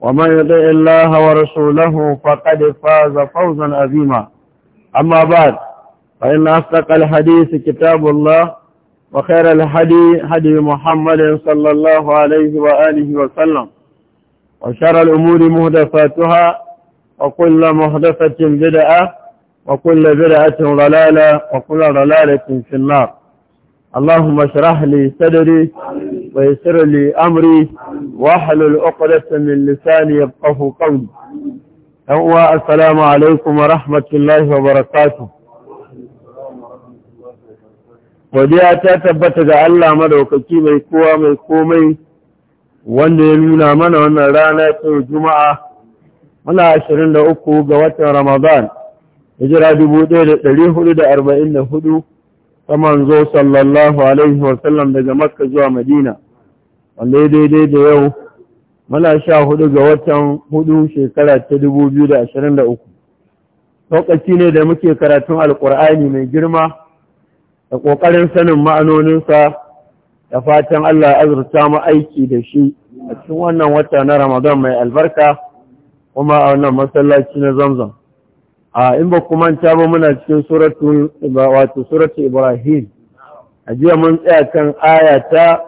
ومن يطع الله ورسوله فقد فاز فوزا عظيما أما بعد فإن أصدق الحديث كتاب الله وخير الحديث هدي محمد صلى الله عليه وآله وسلم وشر الأمور مهدفاتها وكل مهدفة بدعة وكل بدعة ضلالة وكل ضلالة في النار اللهم اشرح لي صدري ويسر لي أمري واحلل عقدة من لساني يفقه قولي هو السلام عليكم ورحمة الله وبركاته godiya ta tabbata ga Allah madaukaki mai kowa mai komai wanda ya nuna mana wannan rana ta juma'a muna 23 ga watan Ramadan hijira 1444 ta manzo sallallahu alaihi wasallam daga Makka zuwa Madina wanda ya daidai da yau muna sha hudu ga watan hudu shekara ta dubu biyu da ashirin da uku lokaci ne da muke karatun alkur'ani mai girma da ƙoƙarin sanin ma'anoninsa da fatan Allah azurta mu aiki da shi a cikin wannan wata na ramadan mai albarka kuma a wannan masallaci na zamzam a in ba kuma ta ba muna cikin suratul wato suratu ibrahim a jiya mun tsaya kan aya ta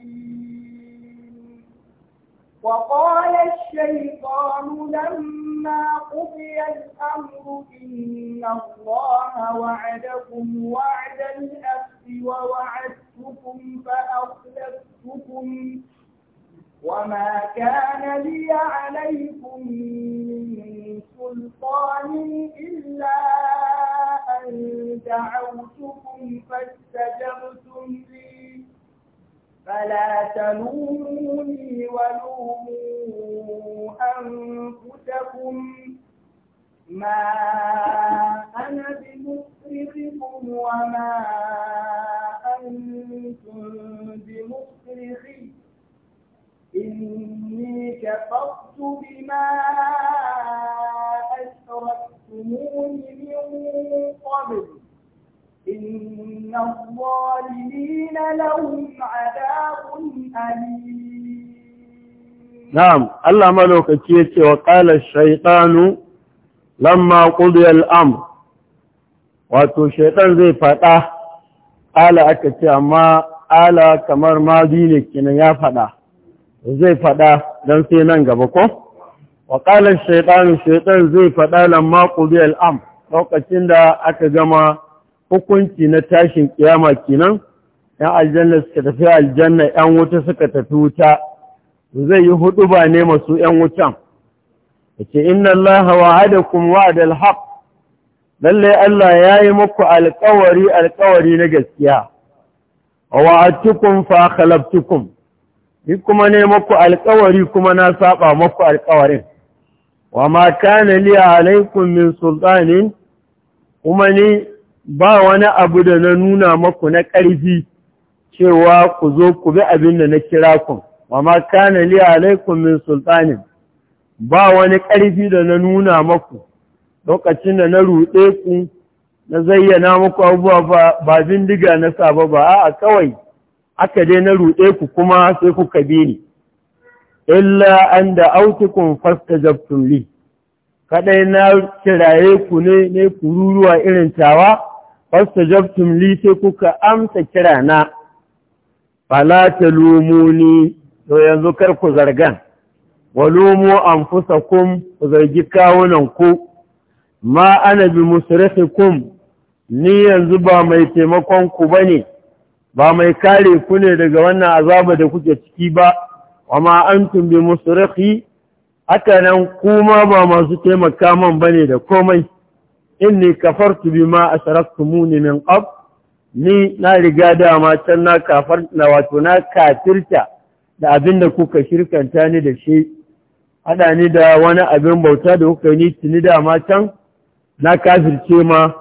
وقال الشيطان لما قضي الأمر إن الله وعدكم وعد الأخذ ووعدتكم فأخلفتكم وما كان لي عليكم من سلطان إلا أن دعوتكم فاستجبتم فلا تلوموني ولوموا أنفسكم ما أنا بمصرخكم وما أنتم بمصرخي إني كفرت بما أشركتمون إن الظالمين لهم عذاب أليم نعم الله ملوك كيت وقال الشيطان لما قضي الأمر واتو الشيطان زي فتاه قال أكتي أما ala kamar madi ne kenan ya faɗa zai faɗa don sai nan gaba ko waƙalar shaiɗanu shaiɗan zai faɗa lamma ƙubi al'am lokacin da aka gama hukunci na tashin kiyama kenan ‘yan aljanna suka tafi aljanna ‘yan wuta suka tafi wuta zai yi hudu ba ne masu ‘yan wutan da ce inna Allah wa'adakum wa'adal haq lallai Allah ya yi muku alkawari alkawari na gaskiya wa wa'adtukum fa khalaftukum ni kuma ne muku alkawari kuma na saba muku alkawarin wa ma kana li alaikum min sultanin kuma ni ba wani abu da na nuna maku na ƙarfi cewa ku zo ku bi abin da na kira ku ba ma kana li alaikum min sultanin ba wani ƙarfi da na nuna maku lokacin da na ruɗe ku na zayyana muku abubuwa ba bindiga na saba ba a'a kawai aka dai na ruɗe ku kuma sai kuka bi ni illa an da autukun jabtun li Kaɗai na kiraye ku ne ne kururuwa irin tawa Fasta li sai kuka amsa kira na fala ni, to yanzu kar ku zargan fusa kum ku zargi kawunan ku ma ana bi kum, ni yanzu ba mai taimakon ku ba ne. ba mai kare ku ne daga wannan azaba da kuke ciki ba an tun bi musurafi, haka nan kuma ba masu taimaka man ne da komai inni kafartu bima asraktumuni min qab ni na riga dama can na kafar na wato na kafirta da abin da kuka shirkanta ni da shi hada ni da wani abin bauta da kuka ni tuni dama can na kafirce ma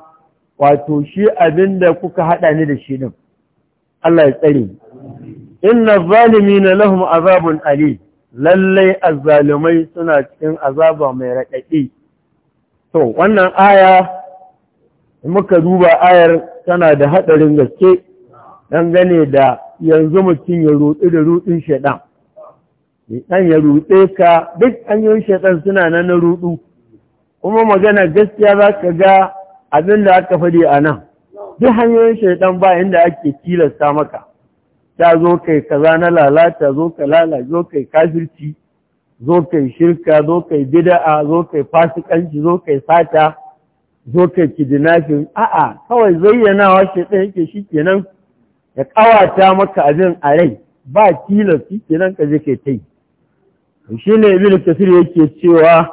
wato shi abin da kuka hada ni da shi din Allah ya tsare inna zalimina lahum azabun ali lallai azzalumai suna cikin azaba mai raɗaɗi to wannan aya muka duba ayar tana da haɗarin gaske dangane da yanzu mutum ya rutsi da rutsin shaɗan ɗan ya rutse ka duk hanyoyin shaɗan suna nan na rudu kuma magana gaskiya za ka ga abin da aka faɗi a nan duk hanyoyin shaɗan ba inda ake tilasta maka ta zo kai kaza na lalata zo ka lala, zo kai kafirci zo kai shirka zo kai zokai zo kai fasikanci zo kai sata zo kai kidnapping a'a kawai zayyanawa shedan yake nan. ya ƙawata maka abin a rai ba ke nan ka je ta yi. shi ne iblis kasir yake cewa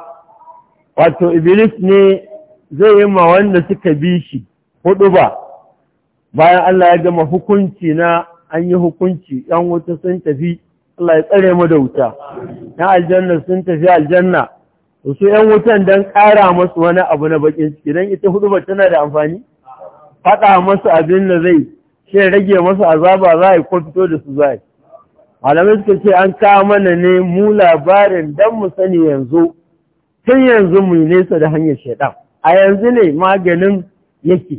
wato iblis ne zai yi ma wanda suka bi shi hudu ba bayan Allah ya gama hukunci na an yi hukunci yan wuta sun tafi Allah ya tsare mu da wuta na aljanna sun tafi aljanna Wasu su ƴan wutan dan ƙara masu wani abu na bakin ciki dan ita ba tana da amfani faɗa masu abin da zai shi rage masu azaba za a ko fito da su za malamai suka ce an kawo mana ne mu labarin dan mu sani yanzu tun yanzu mu nesa da hanyar shaidan a yanzu ne maganin yake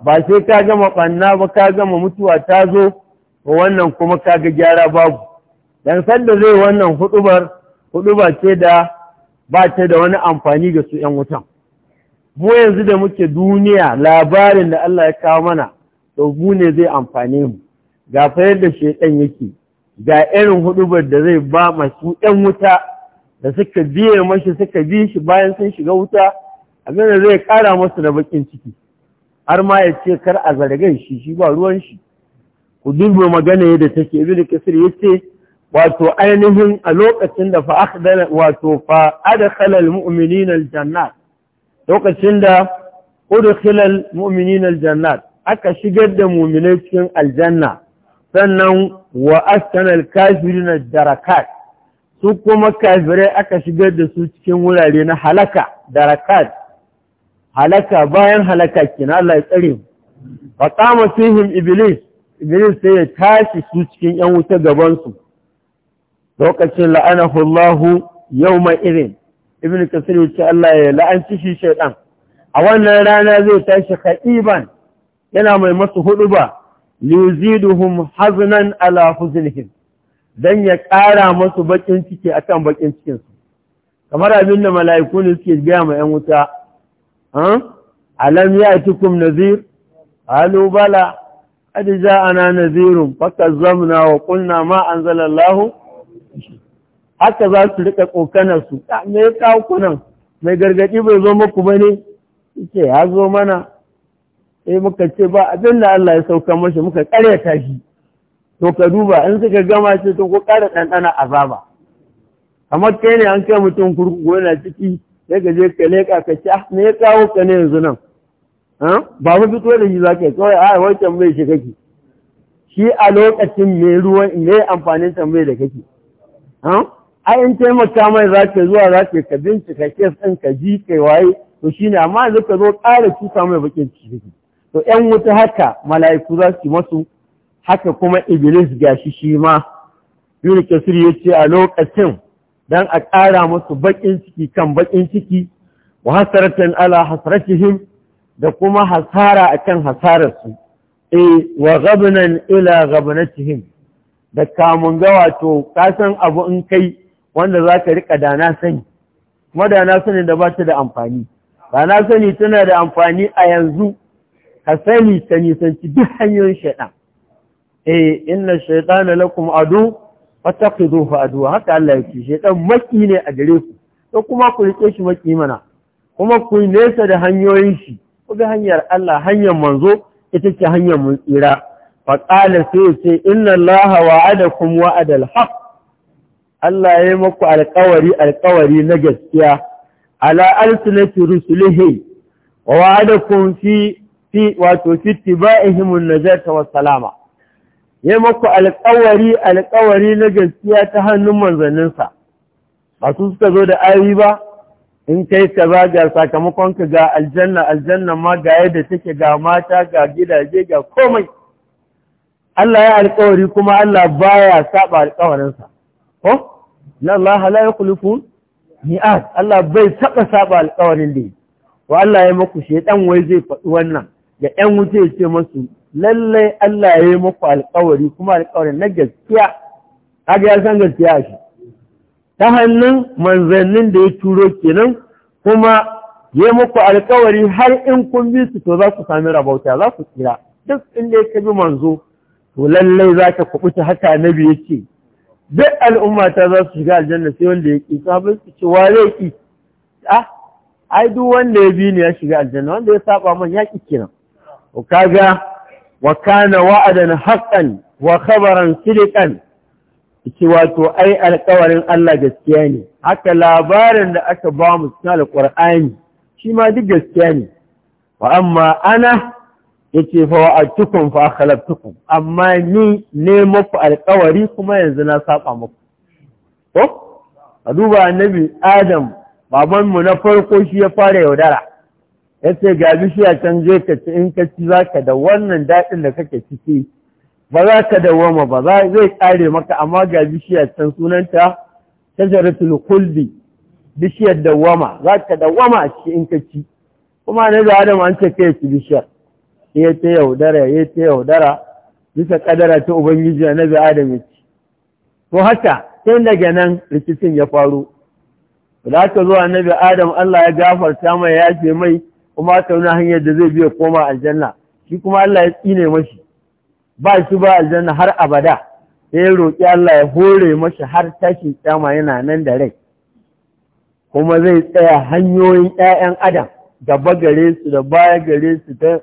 ba sai ka gama ɓanna ba ka gama mutuwa ta zo wannan kuma ka ga gyara babu dan sanda zai wannan hudubar huduba ce da ba ta da wani amfani ga su 'yan wutan mu yanzu da muke duniya labarin da Allah ya kawo mana to mu ne zai amfani mu ga fayar da shedan yake ga irin hudubar da zai ba masu 'yan wuta da suka biye mashi suka bi shi bayan sun shiga wuta abin da zai ƙara masu da bakin ciki har ma ya ce kar a zargan shi shi ba ruwan shi ku duba magana yadda take ibnu kasir yace wato ainihin a lokacin da fa'adana wato aljannat lokacin da udkhila almu'minina aljannat aka shigar da mu'minai cikin aljanna sannan wa askana alkafirina darakat su kuma kafirai aka shigar da su cikin wurare na halaka darakat halaka bayan halaka kina Allah ya tsare fa qama fihim iblis iblis sai ya tashi su cikin yan wuta gaban su lokacin la'anahu Allah mai irin ibn kasir yace Allah ya la'anci shi shaidan. a wannan rana zai tashi khaiban yana mai masu huduba liyuziduhum haznan ala huznihim dan ya ƙara masu bakin ciki akan bakin cikin su kamar abin da mala'iku ne suke biya ma ‘yan wuta, alam ya tukum nazir, halu bala, ƙadija ana nazirun, faka zamna wa ƙunna ma an haka za su rika kokanar su ah, me ya kawo kunan mai gargadi bai zo muku ba ne ce ya zo mana sai muka ce ba abin da Allah ya sauka mashi muka karyata shi to ka duba in suka gama ce to ko kara ɗanɗana azaba kamar kai ne an kai mutum kurkuku yana ciki sai ka je ka leƙa ka ce ah, me ya kawo ka ne yanzu nan ah, ba mu fito da shi za ka kawai a wancan mai shi kake shi a lokacin mai ruwan mai amfanin tambayi da kake ai in taimaka mai za ke zuwa za ka ka bincika kes ɗin ka ji kai waye to shine amma yanzu ka zo ƙara cuta mai bakin ciki to 'yan wuta haka mala'iku za su masu haka kuma iblis gashi shi ma yuri kasir ya ce a lokacin dan a ƙara masu bakin ciki kan bakin ciki wa hasaratan ala hasratihim da kuma hasara akan hasararsu eh wa ghabnan ila ghabnatihim da kamun ga wato kasan abu in kai wanda za ka riƙa da na sani kuma da na sani da ba ta da amfani da na sani tana da amfani a yanzu ka sani ta nisanci duk hanyoyin shaiɗan eh inna shaiɗana lakum adu fattakhidhuhu ado. haka Allah yake shaiɗan maki ne a gare ku to kuma ku rike shi maki mana kuma ku nesa da hanyoyin shi ku ga hanyar Allah hanyar manzo ita ce hanyar mun tsira faƙala sai ce inna Allah wa'adakum wa'adal haq Allah ya yi maku alƙawari alƙawari na gaskiya ala alsunati rusulihi wa wa'adakum fi fi wato fi tibaihim an-najata salama ya maku alƙawari alƙawari na gaskiya ta hannun manzanninsa ba su suka zo da ayi ba in kai ka ba ga sakamakonka ga aljanna aljanna ma ga yadda take ga mata ga gidaje ga komai Allah ya alƙawari kuma Allah baya saba alƙawarinsa ko na Allah la yukhlifu Allah bai taɓa saba alƙawarin da yi. wa Allah ya maku shedan wai zai faɗi wannan da yan wuce ya ce masu lallai Allah ya yi maku alƙawari kuma alƙawarin na gaskiya aga ya san gaskiya shi ta hannun manzannin da ya turo kenan kuma yi maku alƙawari har in kun bi su to za ku sami rabauta za ku tsira duk inda ya kabi manzo to lallai za ka kubuta haka annabi yake duk al'umma ta za su shiga aljanna sai wanda ya ƙi sabon su ce wa zai ƙi ah ai duk wanda ya bi ni ya shiga aljanna wanda ya saba man ya ƙi kenan ka kaga wa kana wa'adan haqqan wa khabaran sidqan ce wato ai alƙawarin Allah gaskiya ne haka labarin da aka ba mu cikin alƙur'ani shi ma duk gaskiya ne wa amma ana yace fa wa'atukum fa khalaqtukum amma ni ne mafi alkawari kuma yanzu na saba muku ko a duba annabi adam babanmu na farko shi ya fara yaudara Ya ce ga bishiya can je ka ci in ka ci ka da wannan daɗin da kake ciki ba za ka dawoma ba za zai ƙare maka amma ga bishiya can sunanta jaratul khuldi bishiyar dawama za ka dawama a ci in ka ci kuma da adam an ce kai ci bishiyar ya ta yaudara ya ta yaudara bisa kadara ta ubangiji a annabi adam ya ci ko haka sai daga nan rikicin ya faru da aka zo annabi adam Allah ya gafarta mai ya ce mai kuma ta nuna hanyar da zai biya koma aljanna shi kuma Allah ya tsine mashi ba shi ba aljanna har abada sai ya roƙi Allah ya hore mashi har tashin kyama yana nan da rai kuma zai tsaya hanyoyin 'ya'yan adam gaba gare su da baya gare su ta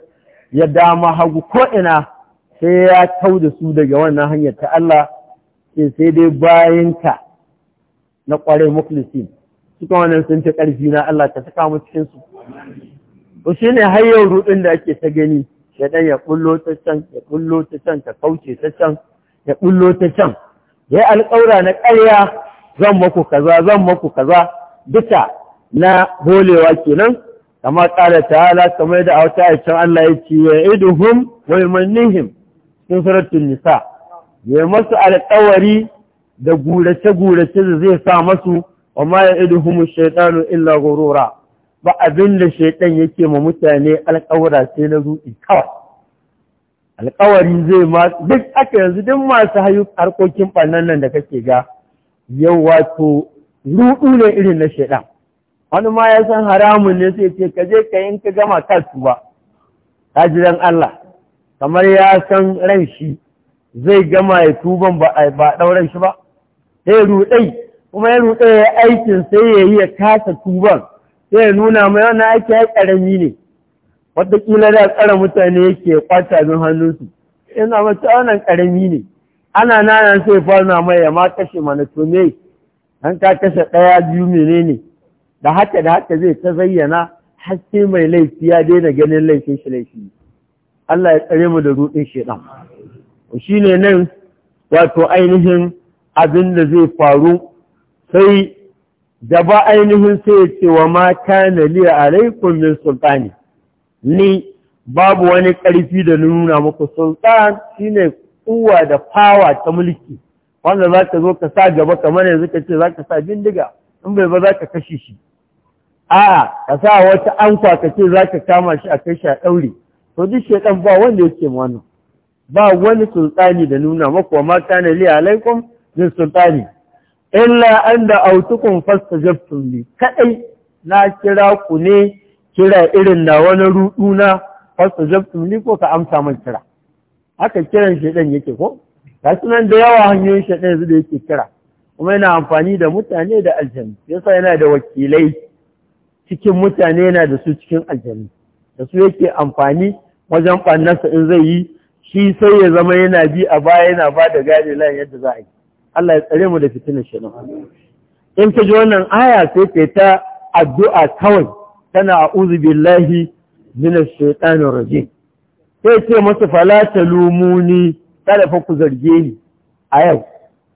ya dama hagu ko'ina sai ya kau da su daga wannan hanyar ta Allah sai dai bayanta na ƙwarai muklisin suka wannan sun ta ƙarfi na Allah ta saka mu cikin su shi ne hayyar rudin da ake ta gani Ya ɗan ya ƙullo ta can ya ƙullo ta can ta kauce ta can ya ƙullo ta can yayi alƙaura na ƙarya zan maku kaza zan maku kaza duka na holewa kenan amma ƙara ta'ala kamar da auta a can Allah ya ce wa iduhum wa yumannihim cikin suratul nisa ya masu alƙawari da gurace gurace da zai sa masu wa ma ya iduhum shaytanu illa ghurura ba abin da shaytan yake ma mutane alƙawara sai na zuci kawai alƙawari zai ma duk aka yanzu duk masu hayu harkokin ɓannan nan da kake ga yau wato ruɗu ne irin na shaytan wani ma ya san haramun ne sai ce kaje ka yin ka gama kasu ta ji Allah kamar ya san ran shi zai gama ya tuban ba ba dauran shi ba sai rudai kuma ya rudai ya aikin sai ya yi ya kasa tuban sai ya nuna mai wannan aiki ya karami ne wataƙila da tsara mutane yake kwata min hannunsu ina mace wannan karami ne ana nanan sai fara mai ya ma kashe mana to me an ka kashe ɗaya biyu menene da haka da haka zai ta zayyana haske mai laifi ya daina ganin laifin shi laifi Allah ya tsare mu da rudin shedan shi ne nan wato ainihin abin da zai faru sai da ba ainihin sai ya ce wa mata na liya alaikun min sultani ni babu wani ƙarfi da nuna muku sultan shi ne kuwa da fawa ta mulki wanda za ka zo ka sa gaba kamar yanzu ka ce za ka sa bindiga in bai ba za ka kashe shi A'a, ka sa wata ankwa ka ce za ka kama shi a kai shi a ɗaure to duk shaidan ba wanda yake wannan ba wani sultani da nuna maku wa mata na liya alaikum zai sultani illa an da autukun fastajabtum ne kadai na kira ku ne kira irin na wani rudu na fastajabtum ne ko ka amsa man kira haka kiran shedan yake ko ga sunan da yawa hanyoyin shedan yanzu da yake kira kuma yana amfani da mutane da aljanna yasa yana da wakilai cikin mutane yana da su cikin aljanu da su yake amfani wajen ɓannarsa in zai yi shi sai ya zama yana bi a baya yana ba da gane layin yadda za a yi Allah ya tsare mu da fitinar shi in ka ji wannan aya sai ka ta addu'a kawai tana a'udhu billahi minash shaitanir rajim sai ce masa fala talumuni kada fa ku zarge ni a yau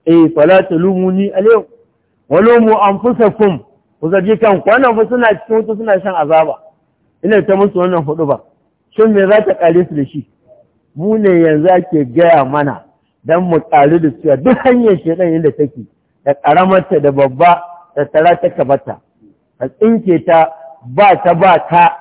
eh fala talumuni a yau walumu anfusakum ku ji kan kwanan fa suna cikin wuta suna shan azaba ina ta musu wannan hudu ba shin me za ta kare su da shi mu ne yanzu ake gaya mana dan mu kare da cewa duk hanyar shedan inda take da karamarta da babba da tara ta kabata ka tsinke ta ba ta ba ta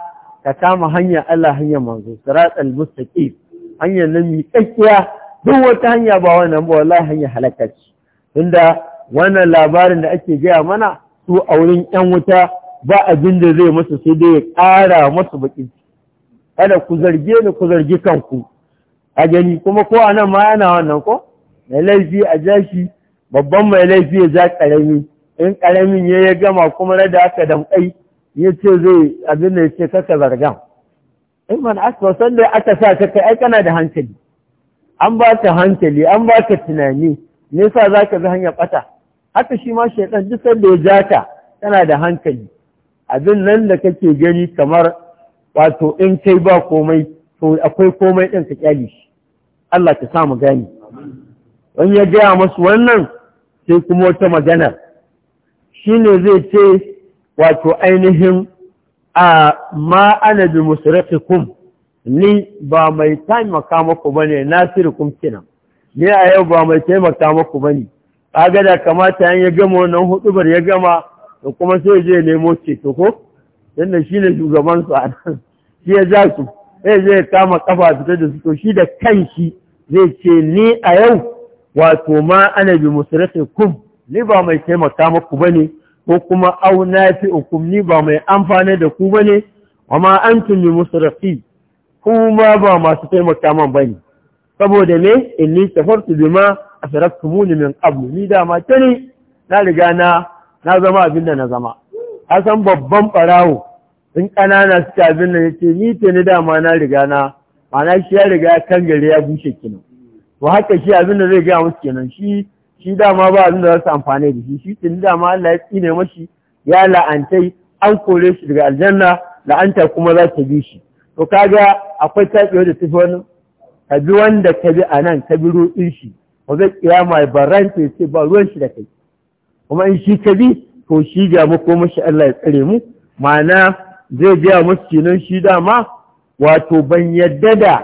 ka kama hanyar Allah hanyar manzo siratal mustaqim hanyar nan mi tsakiya duk wata hanya ba wannan ba wallahi hanyar halakaci inda tunda wannan labarin da ake gaya mana su a wurin ‘yan wuta ba abin da zai masu sai dai ya ƙara masu baƙin kada ku zarge ni ku zargi kanku a gani kuma ko a nan ma yana wannan ko mai laifi a jashi babban mai laifi ya ja ƙarami in ƙaramin ya ya gama kuma na da aka damƙai ya ce zai abin da ya ce kaka zargan in eh man aka sanda aka sa ka kai kana da hankali an ba ka hankali an ba ka tunani me yasa za ka zai hanyar ɓata haka shi ma shaidan duk sanda ya jata tana da hankali abin nan da kake gani kamar wato in kai ba komai to akwai komai ɗin ka kyale shi Allah ka sa mu gani wani ya gaya masu wannan sai kuma wata maganar shi ne zai ce wato ainihin a ma ana bi ni ba mai taimaka maku ba bane kum kina ni a yau ba mai taimaka maku ba ne. agada da kamata an ya gama wannan hudubar ya gama da kuma sai zai nemo ceto ko yadda shi ne shugaban su a nan shi ya za su sai zai kama kafa fita da su to shi da kanshi zai ce ni a yau wato ma ana bi musulatai kum ni ba mai taimaka muku ne? ko kuma au fi hukum ni ba mai amfani da ku ba ne? amma antum bi musulati kuma ba masu taimaka man ne. saboda ne inni bi ma. muni min qablu ni dama ne. na riga na zama abin da na zama asan babban barawo in kanana suke abin da ya ce, ni tani dama na riga na mana shi ya riga ya kan gari ya bushe kina. to haka shi abin da zai gaya musu kenan shi shi dama ba abin da za su amfani da shi shi tuni dama Allah ya tsine mashi ya la'antai an kore shi daga aljanna la'anta kuma za ta bi shi to kaga akwai tafiya da tafi wani ka bi wanda ka bi a nan ka bi ruɗin shi ba zai kiyama ba ranta ya ce ba ruwan shi da kai kuma in shi ka bi to shi ga mu ko mashi Allah ya tsare mu ma'ana zai biya musu nan shi dama wato ban yadda da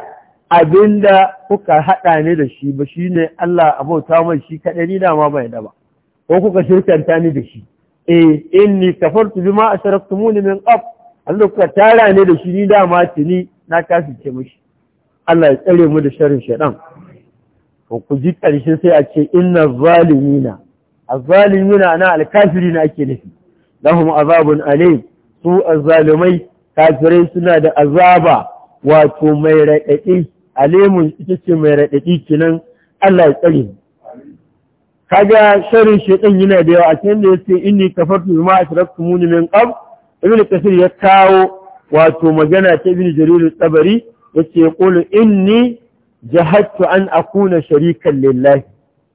abinda kuka haɗa ni da shi ba shine Allah abauta mai shi kaɗai ni dama ban yadda ba ko kuka shirkanta ni da shi eh inni kafartu bima asharaktumuni min qab Allah kuka tara ni da shi ni dama tuni na kasance mishi Allah ya tsare mu da sharrin shaiɗan. ko ku ji ƙarshe sai a ce inna zalimina azzalimina na alkafirina ake nufi lahum azabun alim su azzalimai kafirai suna da azaba wato mai raɗaɗi alimun ita ce mai raɗaɗi kinan Allah ya tsare kaga sharin shedan yana da yawa a cikin da yace inni kafartu bima ashraktumuni min qab ibn kasir ya kawo wato magana ta ibn jarir tabari yace qul inni jahadtu an akuna sharikan lillahi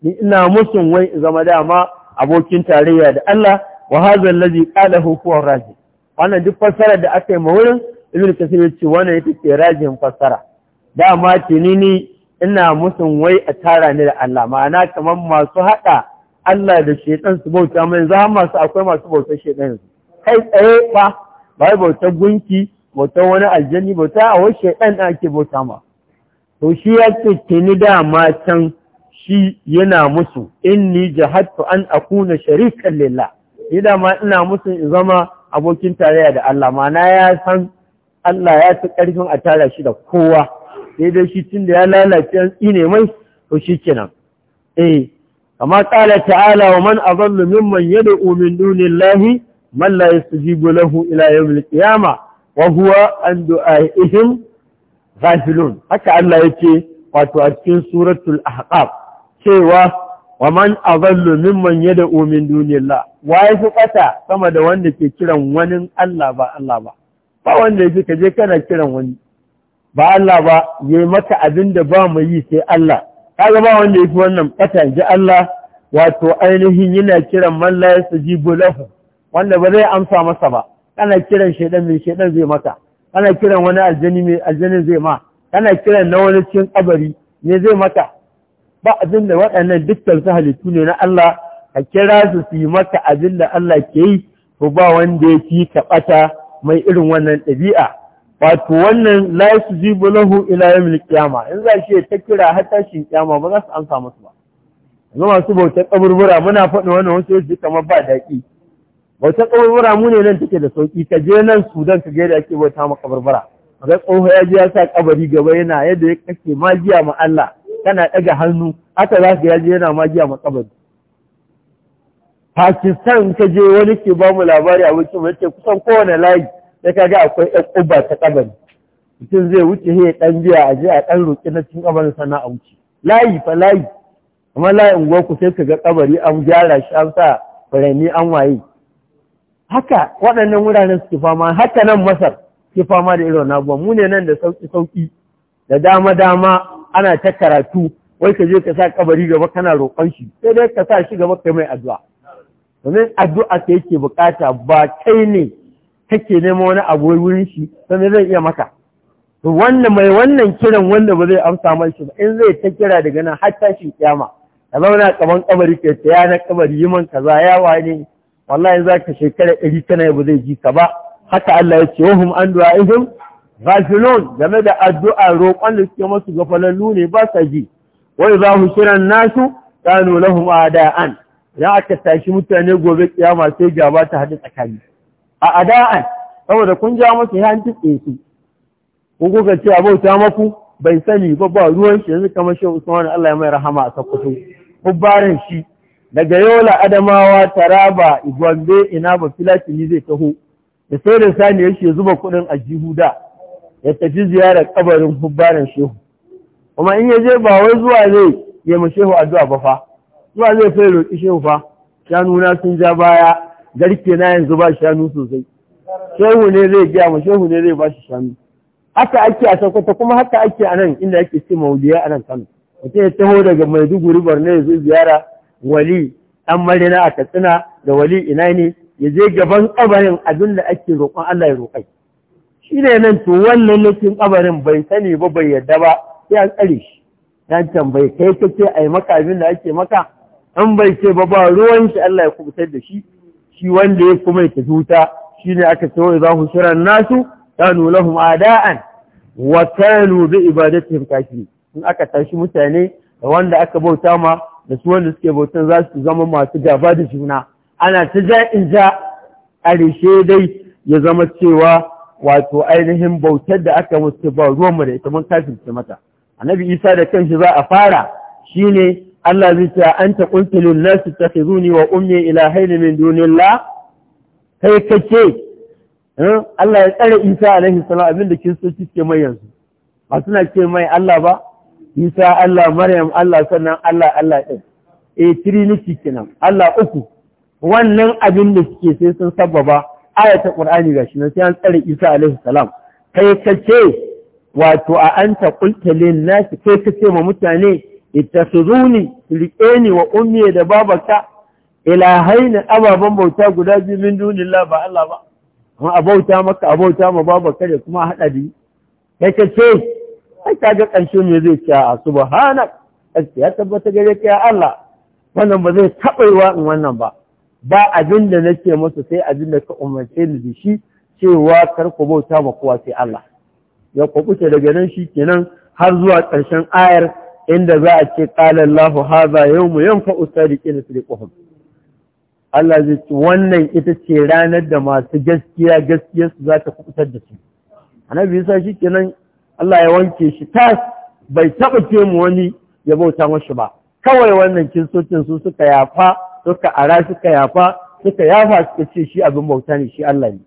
ni ina musun wai in zama dama abokin tarayya da Allah wa hadha allazi qalahu huwa raji wannan duk fasara da aka yi ma wurin ibnu kasir ya ce wannan fasara ce rajin fassara dama ni ina musun wai a tara ni da Allah ma'ana kamar masu haɗa Allah da shedan su bauta mai za masu akwai masu bautar shedan kai tsaye ba bai bautar gunki bautar wani aljanni, bauta a wani da ake bauta ma to shi ya tuntuni dama can shi yana musu in inni jahadtu an akuna sharikan lillah ni dama ina musu in zama abokin tarayya da Allah mana ya san Allah ya fi ƙarfin a tara shi da kowa sai dai shi tun da ya lalace an tsine mai to shi kenan eh kama kala ta'ala wa man adallu mimman yad'u min dunillahi man la yastajibu lahu ila yawmil qiyamah wa huwa an du'a'ihim ghafilun haka Allah yake wato a cikin suratul ahqaf cewa wa man adallu mimman yad'u min dunillah waye fi kata sama da wanda ke kiran wani Allah ba Allah ba ba wanda yake ka je kana kiran wani ba Allah ba yayi maka abin da ba mu yi sai Allah kaga ba wanda yake wannan kata ji Allah wato ainihin yana kiran man la yastajibu lahu wanda ba zai amsa masa ba kana kiran shedan min shedan zai maka ana kiran wani aljani mai aljanin zai ma kana kiran na wani cikin kabari ne zai mata ba abin da waɗannan dukkan su halittu ne na Allah ka kira su su yi maka abin da Allah ke yi ko ba wanda ya fi taɓata mai irin wannan ɗabi'a wato wannan la yasjibu lahu ila yawmil in za shi ta kira har tashin kiyama ba za su amsa musu ba yanzu masu bautar kaburbura muna faɗin wannan wasu kamar ba daƙi bauta kabarbara mu ne nan take da sauki ka je nan sudan ka ga ake bauta ma kabarbara ga tsoho ya je ya sa kabari gaba yana yadda kake magiya ma Allah kana ɗaga hannu haka za ka yaji yana magiya ma kabari Pakistan ka je wani ke ba mu labari a wuce mai ce kusan kowane layi sai ka ga akwai ɗan ƙuba ta kabari mutum zai wuce ya ɗan biya a je a ɗan roƙi na cin kabarin sana a wuce layi fa layi amma layi unguwar ku sai ka ga kabari an gyara shi an sa furanni an waye haka waɗannan wuraren suke fama haka nan masar ke fama da irin abubuwan mu ne nan da sauƙi-sauƙi da dama-dama ana ta karatu wai ka je ka sa kabari gaba kana roƙon shi sai dai ka sa shi gaba kai mai addu'a domin addu'a ka yake bukata ba kai ne kake nema wani abu wurin shi sannan zai iya maka to wannan mai wannan kiran wanda ba zai amsa mai shi ba in zai ta kira daga nan har tashin kiyama ka zauna kaman kabari ke ta yana na kabari yi man kaza ya ne. wallahi za ka shekara ɗari tana ba zai ji ka ba haka Allah ya ce wahum an du'a'ihim ghafilun game da addu'a roƙon da suke masu gafalallu ne ba sa ji wai za mu shirin nasu kanu lahum ada'an idan aka tashi mutane gobe kiyama sai gaba ta haɗu tsakani a ada'an saboda kun ja masu ya an su kun kuka ce abauta maku bai sani ba ruwan shi yanzu kamar shi Usman Allah ya mai rahama a sakkwato kubbaran shi daga yola adamawa taraba igwambe ina ba ne zai taho da sai da sani yake zuba kuɗin a jihuda ya tafi ziyarar kabarin hubbaran shehu kuma in ya je ba wai zuwa zai ya mu shehu addu'a ba fa zuwa zai fai roƙi shehu fa shanu na sun ja baya garke na yanzu ba shanu sosai shehu ne zai gaya mu shehu ne zai ba shi shanu haka ake a sakwata, kuma haka ake a nan inda ake ce mawuliya a nan Kano mutum ya taho daga Maiduguri Borno ya zo ziyara wali ɗan marina a katsina da wali ina ne ya je gaban ƙabarin abin da ake roƙon Allah ya roƙai shi ne nan to wannan nufin ƙabarin bai sani ba bai yarda ba sai an tsare shi dan bai kai kake a yi maka abin da ake maka an bai ce ba ba ruwan shi Allah ya kubutar da shi shi wanda ya kuma ya tafi wuta shi ne aka ce wa za ku shiran nasu kanu lahum ada'an wa kanu bi ibadatihim kafirin in aka tashi mutane da wanda aka bauta ma da su wanda suke bautan za su zama masu gaba da juna ana ta ja in ja a rishe dai ya zama cewa wato ainihin bautar da aka musu ba mu da ita mun kafirce mata annabi isa da kanshi za a fara shine Allah zai ce an ta kuntilu nasu ta zuni wa ummi ilahaini min dunillah kai kace eh? Allah ya tsare isa alaihi salam abinda kiristoci ke mai yanzu ba suna ce mai Allah ba isa Allah maryam Allah sannan Allah Allah ɗin e trinity kenan Allah uku wannan abin da suke sai sun sababa ayata ƙur'ani gashi nan sai an tsare isa alaihi salam kai kace wato a anta qulta lin nas kai kace ma mutane ita su riƙe liqani wa ummi da babaka ilahaina ababan bauta guda biyu min dunillah ba Allah ba kuma abauta maka abauta ma babaka da kuma hada bi kai kace ai ta ga ƙarshe ne zai ce a subhanak ƙarshe ya tabbata gare ka ya Allah wannan ba zai taɓa yi in wannan ba ba abin da nake masa sai abin da ka umarce ni da shi cewa kar ku bauta ma kowa sai Allah ya kubuce daga nan shi kenan har zuwa ƙarshen ayar inda za a ce qala Allahu hadha yawmu yanfa'u sadiqina sadiquhum Allah zai ce wannan ita ce ranar da masu gaskiya gaskiyarsu za ta kubutar da su annabi yasa shi kenan Allah ya wanke shi tas bai taɓa ce mu wani ya bauta mashi ba kawai wannan kinsocin su suka yafa suka ara suka yafa suka yafa suka ce shi abin bauta ne shi Allah ne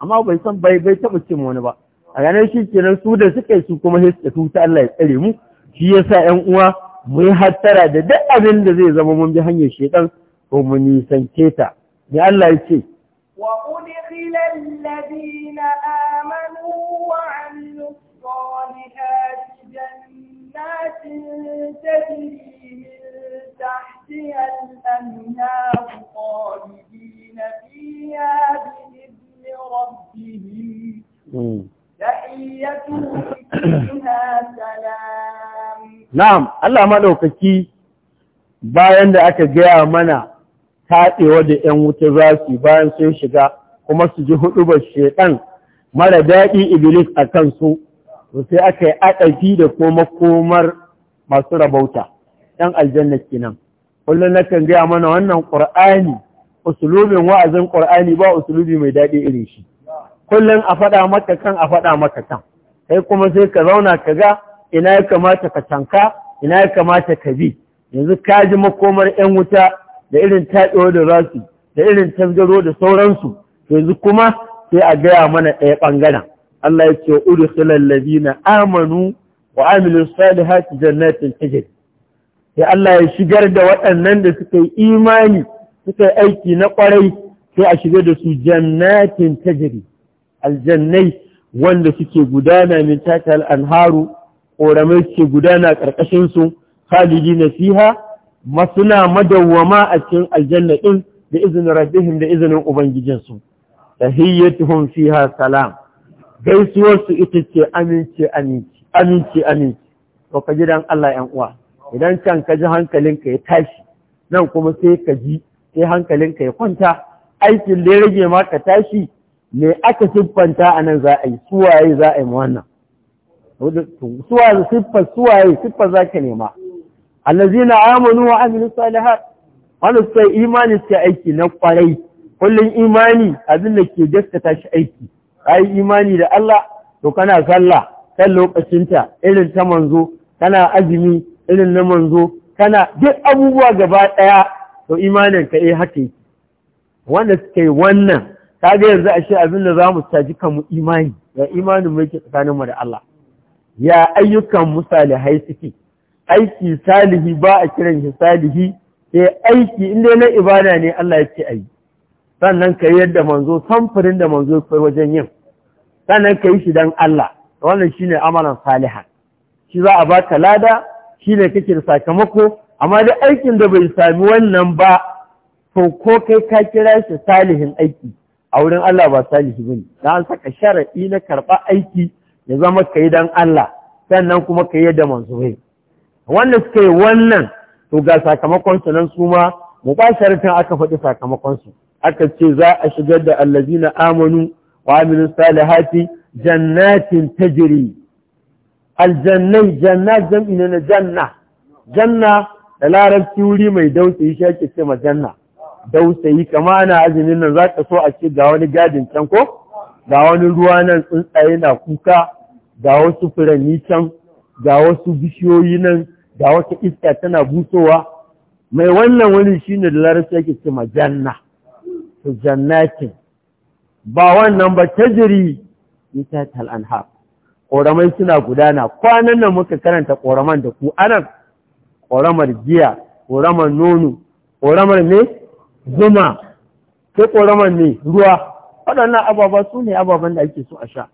amma bai san bai bai taɓa ce mu wani ba a ranar shi kenan su da suka yi su kuma sai suka tuta Allah ya tsare mu shi yasa 'yan uwa mu yi hattara da duk abin da zai zama mun bi hanyar shedan ko mu nisance ta ne Allah ya ce wa udkhila ladina amanu Na'am, تجري من تحتها bayan da aka gaya mana taɗewa da ‘yan wuta za su bayan sun shiga kuma su ji huɗubar shekan mara daɗi Iblis a kansu to sai aka yi aɗafi da kuma komar masu rabauta ɗan aljanna kenan kullum na kan gaya mana wannan ƙur'ani usulubin wa'azin ƙur'ani ba usulubi mai daɗi irin shi kullum a faɗa maka kan a faɗa maka kan kai kuma sai ka zauna ka ga ina ya kamata ka tanka ina ya kamata ka bi yanzu ka ji makomar 'yan wuta da irin taɗewa da rasu da irin tandaro da sauransu yanzu kuma sai a gaya mana ɗaya ɓangaren Allah yake udkhilal ladina amanu wa amilus salihati jannatin tajri Sai Allah ya shigar da waɗannan da suka yi imani suka yi aiki na ƙwarai sai a shigar da su jannatin tajri aljannai wanda suke gudana min tata al'anharu ƙoramai suke gudana ƙarƙashin su khalidi na fiha masuna madawwama a cikin aljanna ɗin da izinin rabbihim da izinin ubangijinsu tahiyyatuhum fiha salam gaisuwarsu ita ce amince, amince, amince, amince. to ka ji dan Allah yan uwa idan can ka ji hankalinka ya tashi nan kuma sai ka ji sai hankalinka ya kwanta aikin da ya rage ma ka tashi me aka siffanta a nan za a yi suwaye za a yi wannan suwaye siffar suwaye siffar za ka nema allazina amanu wa amilu salihat wanda suka yi imani suka aiki na kwarai kullum imani abin da ke gaskata shi aiki ka yi imani da Allah to kana sallah kan lokacinta irin ta manzo kana azumi irin na manzo kana duk abubuwa gaba ɗaya to imanin ka eh haka yake wanda suke wannan kaga yanzu ashe abin da zamu kan mu imani ya imanin mu yake mu da Allah ya ayyukan mu salihai suke aiki salihi ba a kiran shi salihi sai aiki inda na ibada ne Allah ya ce ayi sannan ka yadda manzo samfurin da manzo kai wajen yin sannan ka yi shi don Allah wannan shi ne amalan saliha shi za a baka lada shi ne kake da sakamako amma dai aikin da bai sami wannan ba to ko kai ka kira shi salihin aiki a wurin Allah ba salihi bane na an saka sharaɗi na karɓa aiki ya zama ka yi don Allah sannan kuma ka yi da manzurai Wannan suka yi wannan to ga sakamakon su nan su ma mubasharatan aka faɗi sakamakon su aka ce za a shigar da allazina amanu وعملوا الصالحات جنات تجري aljannai janna jam'i ne na janna janna da larabci wuri mai dausayi shi ake ce ma janna dausayi kama ana azumin nan za ka so a ce ga wani gadin can ko ga wani ruwa nan tsuntsaye na kuka ga wasu furanni can ga wasu bishiyoyi nan ga wata iska tana busowa mai wannan wani shine da larabci ake ce ma janna to jannatin ba wannan ba tajiri nita tal'anha ƙoramai suna gudana kwanan nan muka karanta ƙoraman da ku anan ƙoramar giya ƙoramar nono ƙoramar ne zuma sai ƙoramar ne ruwa waɗannan ababa su ne ababen da ake so a sha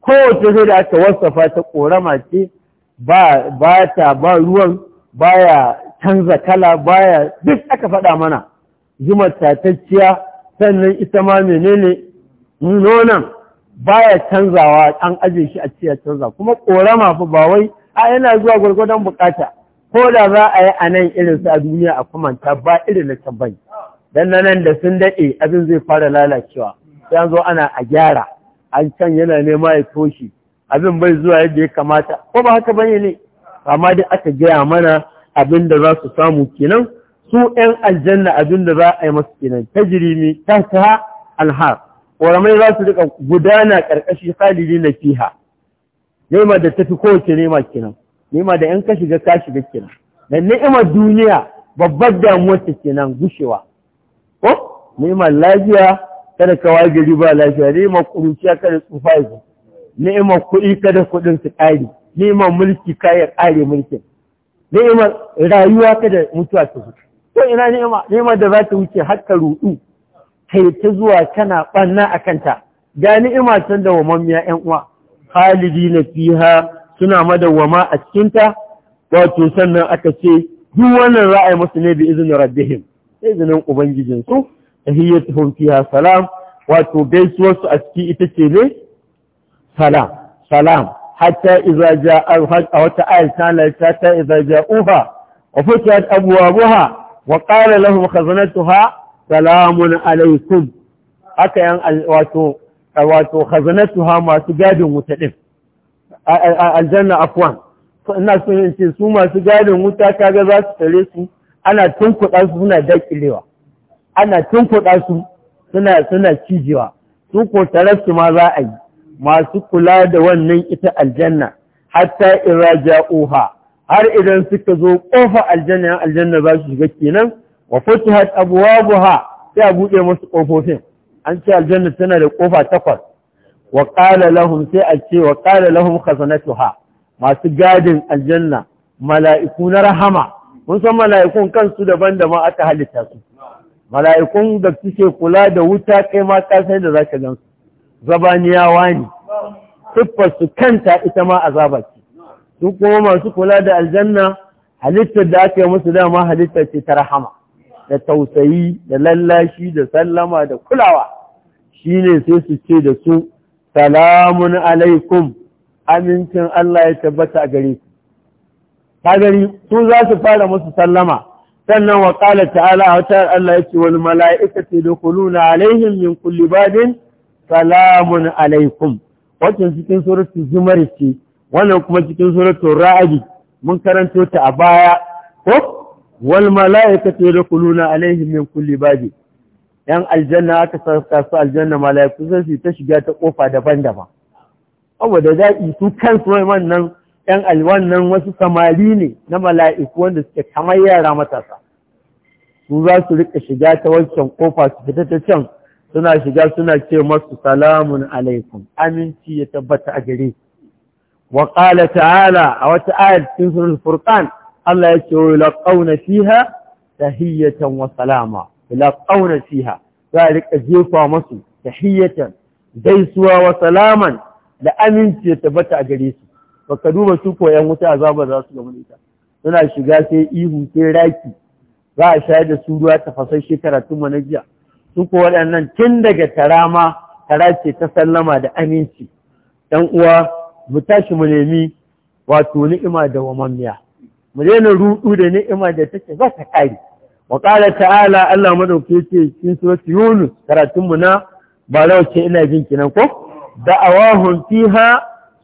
kowace sai da aka wasafa ta ƙorama ce ba ta ba ruwan baya canza kala baya duk aka faɗa mana zuma tatacciya sannan ita ma menene nonon baya canzawa an ajiye shi a ce ya canza kuma ƙorama fa ba wai a yana zuwa gwargwadon bukata ko da za a yi a nan irin su a duniya a kumanta ba irin na can dan nan da sun daɗe abin zai fara lalacewa sai zo ana a gyara an can yana nema ya toshe abin bai zuwa yadda ya kamata ko ba haka bane ne amma dai aka gaya mana abin da za su samu kenan su 'yan aljanna abin da za a yi masu kenan tajirimi ta ta alhar ƙoramai za su rika gudana ƙarƙashi khalidi na fiha nema da tafi kowace nema kenan nema da yan ka shiga ka shiga kenan da ni'imar duniya babbar damuwar ta kenan gushewa ko ni'imar lafiya kada ka waye gari ba lafiya ni'imar kuruciya kada tsufa ya ni'imar kuɗi kada kuɗin su ƙare ni'imar mulki kayan ƙare mulkin ni'imar rayuwa kada mutuwa ta wuce ko ina ni'ima ni'imar da za ta wuce har ka ruɗu ta zuwa kana ɓanna a kanta ga ni'ima can da wamammiya ‘yan uwa halidi na fiha suna madawwama a cikinta wato sannan aka ce duk wannan ra'ayi masu ne bi izinin rabbihim sai izinin ubangijinsu tahiyyatuhum fiha salam wato gaisuwarsu a ciki ita ce ne salam salam hatta idza a wata ayat ta la ta idza ja'uha wa futihat abwabuha wa qala lahum khazanatuha salamun alaikum haka yan wato hazanatu ha masu gadin wuta ɗin aljanna afwan ina sun in ce su masu gadin wuta kaga za su tare su ana tunkuɗa su suna daƙilewa ana tunkuɗa su suna cijewa su ko tare su ma za a yi masu kula da wannan ita aljanna hatta ira ja'uha har idan suka zo ƙofa aljanna yan aljanna za su shiga kenan wa futihat abwabuha sai a buɗe musu kofofin an ce aljanna tana da kofa takwas wa qala lahum sai a ce wa qala lahum khazanatuha masu gadin aljanna mala'iku na rahama mun san mala'ikun kansu daban da ma aka halitta su mala'ikun da suke kula da wuta kai ma ka san da zaka gansu? su zabaniyawa ne siffar su kanta ita ma azaba ce su kuma masu kula da aljanna halittar da aka yi musu dama halitta ce ta rahama da tausayi da lallashi da sallama da kulawa shine sai su ce da su salamun alaikum amincin Allah ya tabbata a gare su, ta gari su za su fara musu sallama sannan wa ƙala ta'ala a wata Allah ya ce wani mala'ika ce da kuluna alaihim min kulli babin salamun alaikum wancan cikin suratun zumar ce wannan kuma cikin suratun ra'adi mun karanto ta a baya ko wal mala'ikatu yadkhuluna alaihim min kulli babi yan aljanna aka sarka su aljanna mala'iku sai su ta shiga ta kofa daban-daban Abu da daɗi su su wannan yan nan wasu samari ne na mala'iku wanda suke kamar yara matasa su za su rika shiga ta wancan kofa su fita ta can suna shiga suna ce masu salamun alaikum aminci ya tabbata a gare wa ƙala ta'ala a wata ayar cikin surul furqan Allah ya ce wa yulqauna fiha hiyyatan wa salama yulqauna fiha za a rika jefa masu tahiyatan gaisuwa wa salaman da aminci ya bata a gare su baka duba su 'yan wuta azaba za su gama ita suna shiga sai ihu sai raki za a shayar da su ruwa tafasashe karatun jiya. su ko waɗannan tun daga tarama tara ce ta sallama da aminci ɗan uwa mu tashi mu nemi wato ni'ima da mamiya. mu daina rudu da ni'ima da take za ta kare wa qala ta'ala Allah madauki yace cikin surati yunus karatun mu na ba lauce ina jin kinan ko da'awahum fiha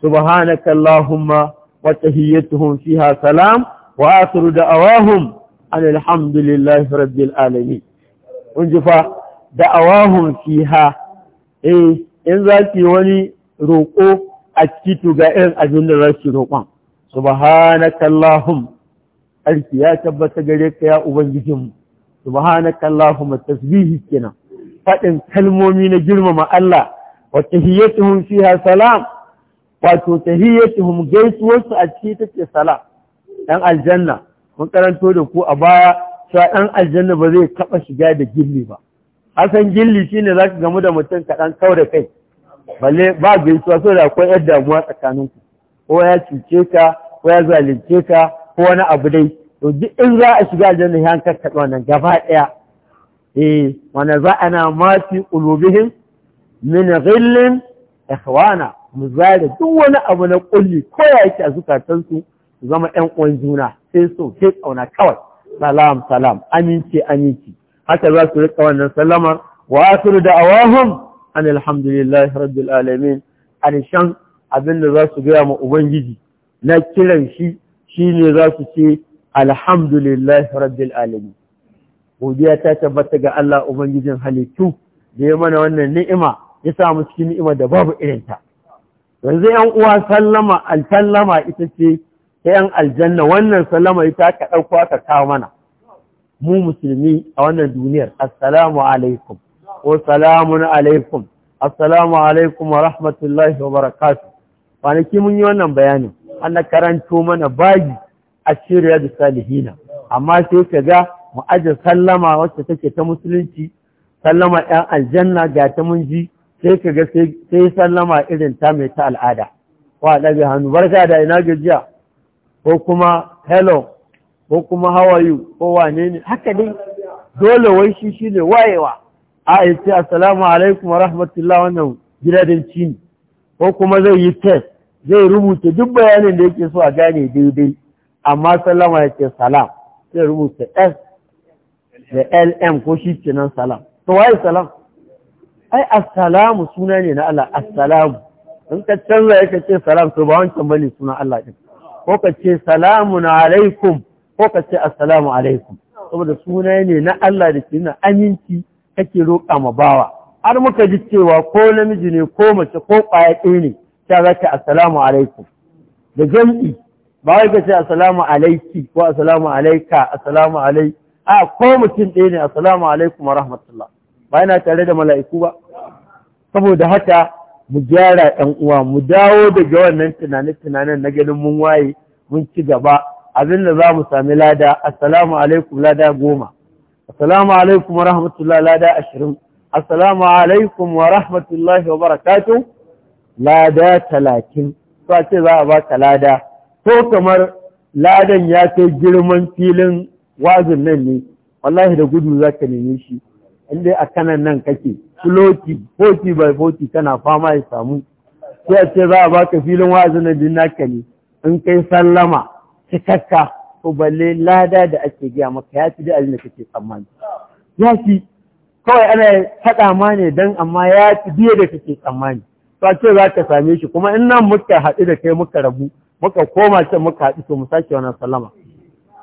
subhanaka allahumma wa tahiyyatuhum fiha salam wa akhiru da'awahum alhamdulillahi rabbil alamin kun ji fa da'awahum fiha eh in ki wani roƙo a ciki to ga irin abin da ki roƙon subhanakallahum arki ya tabbata gare ka ya ubangijin subhanaka allahumma tasbihi kina. fadin kalmomi na girmama Allah wa tahiyyatuhum fiha salam wato tahiyyatuhum gaisuwarsu a ciki take salam dan aljanna mun karanto da ku a baya cewa dan aljanna ba zai taba shiga da gilli ba asan gilli shine zaka gamu da mutum kaɗan dan da kai balle ba gaisuwa saboda akwai yar damuwa tsakaninku ko ya cuce ka ko ya zalunce ka ko wani abu dai to duk in za a shiga aljanna ya kakkaɓe wannan gaba ɗaya eh wanda za ana ma fi qulubihim min ghillin ikhwana mu zare duk wani abu na kulli ko ya yake a zukatansu su zama 'yan uwan juna sai so sai kauna kawai salam salam aminci aminci haka za su rika wannan salama, wa asiru da awahun an alhamdulillah rabbil alamin an shan abin da za su gaya ma ubangiji na kiran shi shine za su ce alhamdulillah rabbil alamin godiya ta tabbata ga Allah ubangijin halittu da ya mana wannan ni'ima ya sa mu cikin ni'ima da babu irin ta. yanzu yan uwa sallama al-sallama ita ce ta yan aljanna wannan sallama ita ka dauko ka kawo mana mu musulmi a wannan duniyar assalamu alaikum wa salamun alaikum assalamu alaikum wa rahmatullahi wa barakatuh kwanaki mun yi wannan bayanin an karanto mana bayi a shirya da salihina amma sai ka ga mu sallama wacce take ta musulunci sallama ɗan aljanna ga ta mun ji sai ka ga sai sallama irin ta mai ta al'ada wa ɗaga hannu barka da ina gajiya ko kuma hello ko kuma how are you ko wane ne haka dai dole wai shi shi ne wayewa a ce, assalamu alaikum wa rahmatullah wannan gidadin Cini. ko kuma zai yi test zai rubuta duk bayanin da yake so a gane daidai amma sallama ya ce salam zai rubuta s da lm ko shi nan salam to waye salam ai assalamu suna ne na Allah assalamu in ka canza ya ce salam to ba wancan bane suna Allah din ko ka ce salamun alaikum ko ka ce assalamu alaikum saboda suna ne na Allah da ke na aminci kake roƙa ma bawa har muka ji cewa ko namiji ne ko mace ko ƙwaya ne ta za ta assalamu alaikum da jam'i ba wai ka ce assalamu alaiki ko assalamu alaika assalamu alai a ko mutum ɗaya ne assalamu alaikum wa rahmatullah ba yana tare da mala'iku ba saboda haka mu gyara ɗan uwa mu dawo daga wannan tunane-tunanen na ganin mun waye mun ci gaba abin da za mu sami lada assalamu alaikum lada goma assalamu alaikum wa rahmatullah lada ashirin assalamu alaikum wa rahmatullahi wa barakatuh lada talatin ba ce za a ba ka lada ko kamar ladan ya kai girman filin wazin nan ne wallahi da gudu za ka neme shi inda a kanan nan kake floki 40 by 40 tana fama ya samu sai a ce za a baka filin wazin nan din naka ne in kai sallama cikakka ko balle lada da ake gaya maka ya fi da abin da kake tsammani ya fi kawai ana faɗa ma ne don amma ya fi biye da kake tsammani ba ce za ka same shi kuma in nan muka haɗu da kai muka rabu muka koma can muka haɗu to mu sake wannan sallama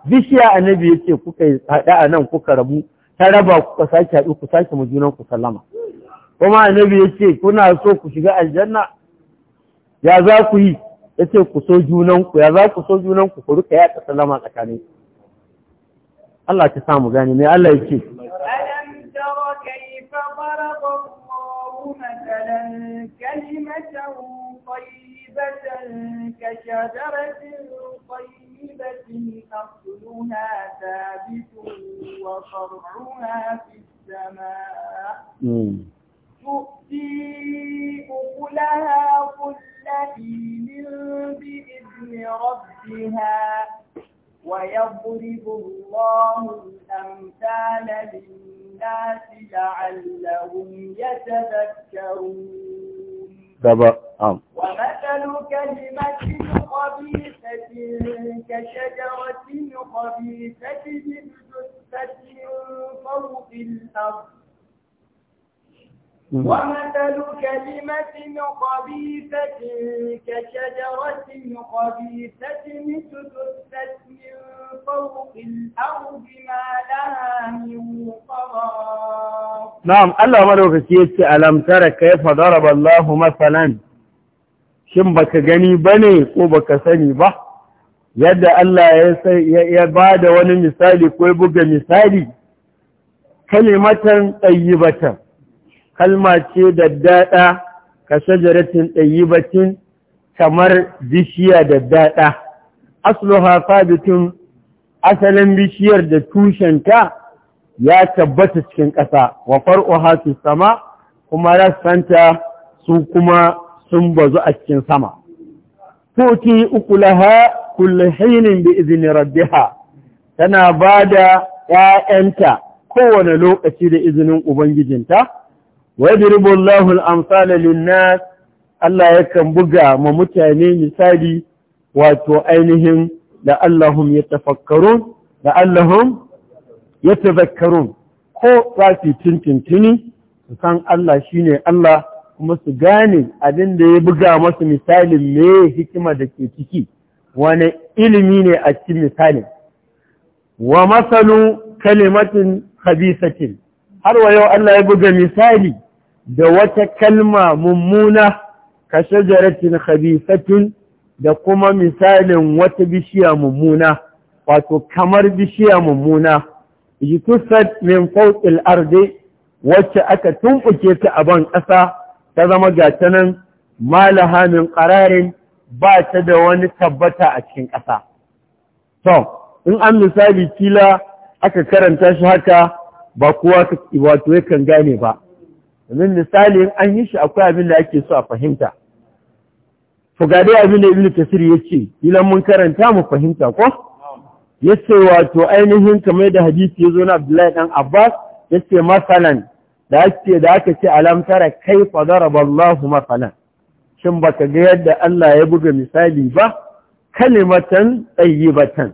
bishiya annabi ya ce kuka haɗu a nan kuka rabu ta raba kuka sake haɗu ku sake mu junan ku sallama kuma annabi ya ce kuna so ku shiga aljanna ya za ku yi ya ce ku so junanku ya za ku so junanku ku rika yaɗa sallama tsakanin Allah ta samu gani mai Allah ya ce. Alam tara kaifa كلمة طيبة كشجرة طيبة أصلها ثابت وفرعها في السماء تؤتي أكلها كل حين بإذن ربها ويضرب الله الأمثال للناس لعلهم يتذكرون دابا ام ومثل كلمة خبيثة كشجرة خبيثة اجتثت فوق الأرض Mm. ومثل كلمة خبيثة كشجرة خبيثة تدست من فوق الأرض ما لها من قرار نعم الله مروك سيئتي ألم ترى كيف ضرب الله مثلا shin baka gani bane ko baka sani ba yadda Allah ya bada wani misali ko buga misali kalimatan tayyibatan kalma ce da daɗa ka shajaratin ɗayyibatin kamar bishiya daddada asluha sabitun asalin bishiyar da tushenta ya tabbata cikin ƙasa wa far'uha sama kuma rassanta su kuma sun bazu a cikin sama tuti ukulaha kullu hinin bi rabbiha tana da 'ya'yanta kowane lokaci da izinin ubangijinta ويضرب الله الأمثال للناس Allah yakan buga ma mutane misali wato ainihin da yatafakkarun ya tafakkaru? ko za su tuntuntuni su san Allah shine Allah kuma su gane abin da ya buga masu misalin me hikima da ke ciki wani ilimi ne a cikin misalin wa masalu kalimatin khabisatin har wa yau Allah ya buga misali da wata kalma mummuna ka shajaratin khabifatun da kuma misalin wata bishiya mummuna wato kamar bishiya mummuna yitusat min fawqil ardi wacce aka tumbuke ta a ban ƙasa ta zama gatanan nan malaha min qararin ba ta da wani tabbata a cikin ƙasa to in an misali kila aka karanta shi haka ba kowa wato yakan gane ba domin misali in an yi shi akwai abin da ake so a fahimta Fugade, abin da ibi da ya ce, yace ilan mun karanta mu fahimta ko ce, wato ainihin kamar da hadisi zo na Abdullahi Ɗan Abbas ya ce, masalan da ake da aka ce alamtara kai fadara ballahu masalan shin baka ga yadda Allah ya buga misali ba kalimatan tayyibatan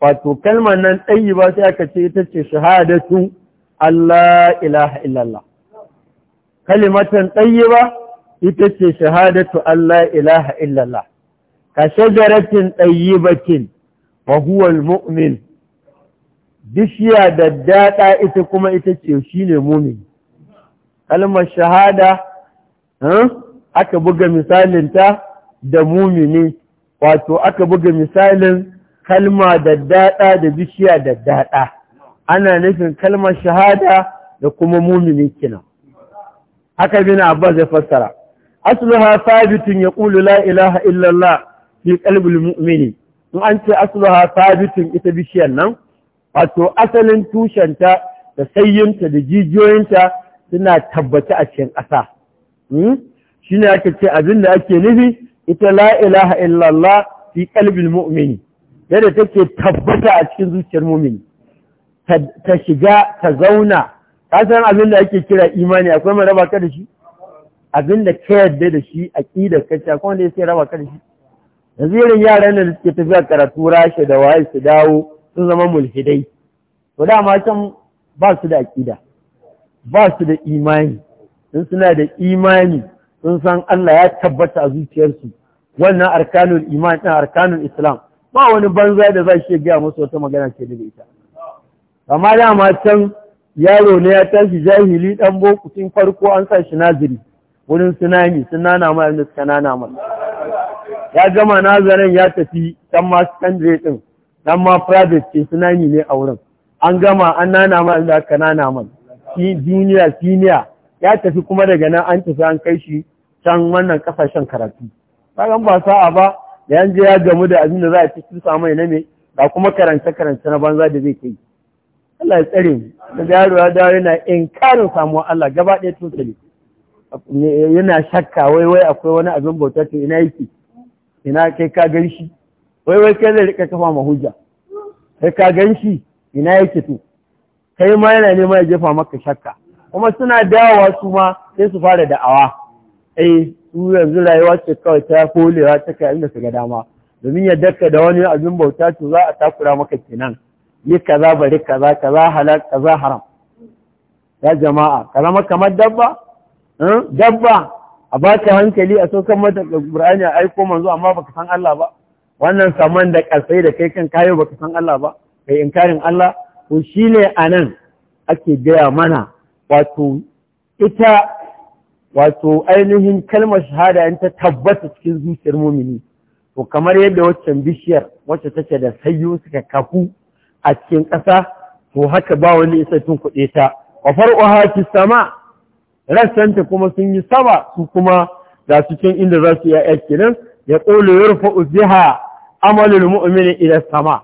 wato kalmar nan ɗayi ba sai aka ce ita ce shahadatu Allah ilaha illallah kalimatan ɗayyiba ita ce shahadatu Allah ilaha illallah ka shajaratin ɗayyibatin wa huwa mu'min bishiya da daɗa ita kuma ita ce shi ne mumin kalmar shahada eh, aka buga misalinta da mumini wato aka buga misalin kalma da daɗa da bishiya da daɗa ana nufin kalmar shahada da kuma mumini kina haka bin abbas ya fassara asluha sabitun yaqulu la ilaha illa allah fi qalbil mu'mini in an ce asluha sabitun ita bishiyar nan wato asalin tushenta da sayyinta da jijiyoyinta suna tabbata a cikin ƙasa hmm? shine ne ake ce abin da ake nufi ita la ilaha illallah fi kalbin mu'mini yadda take tabbata a cikin zuciyar mu'mini ta shiga ta zauna kasan abin da ake kira imani akwai mai raba ka da shi abin da ka yarda da shi a ƙidar da ce akwai wanda ya sai raba ka da shi yanzu irin yaran da suke tafiya karatu rashe da waye su dawo sun zama mulhidai to da ma can ba su da aƙida ba su da imani in suna da imani sun san Allah ya tabbata a zuciyarsu wannan arkanul iman ɗin arkanul islam ba wani banza da za shi gaya musu wata magana ce da ita amma da ma can yaro ne ya tashi jahili ɗan bokutin farko an sa shi naziri wurin tsunami sun nana mai inda suka nana mai ya gama nazarin ya tafi ɗan ma secondary ɗin ɗan ma private ce tsunami ne a wurin an gama an nana mai inda suka nana mai duniya siniya ya tafi kuma daga nan an tafi an kai shi can wannan kasashen karatu bayan ba sa'a ba da yanzu ya gamu da abin da za a su samai na me ba kuma karance karance na banza da zai kai Allah ya tsare mu da yaro ya dawo yana inkarin samuwa Allah gaba ɗaya totali yana shakka wai wai akwai wani abin bauta to ina yake ina kai ka gan shi wai wai kai zai rika kafa ma hujja kai ka gan shi ina yake to kai ma yana nema ya jefa maka shakka kuma suna dawowa su ma sai su fara da'awa eh su yanzu rayuwa ce kawai ta kolewa ta kai inda su ga dama domin ya dakka da wani abin bauta to za a takura maka kenan yi kaza bari kaza kaza halal kaza haram ya jama'a ka zama kamar dabba hmm? dabba a baka hankali a saukan mata Qur'ani a aiko manzo amma baka san Allah ba wannan saman da kalsai da kai kan kayo baka san Allah ba kai inkarin Allah to shine anan ake gaya mana wato ita wato ainihin kalmar shahada in ta tabbata cikin zuciyar mumini to kamar yadda waccan bishiyar wacce take da sayyo suka kafu a cikin ƙasa ko haka ba wani isa tun kuɗe ta wa farko haki sama rassanta kuma sun yi sama su kuma ga su inda za su yi kenan ya ƙolo ya rufa uziha amalin mu'amini idan sama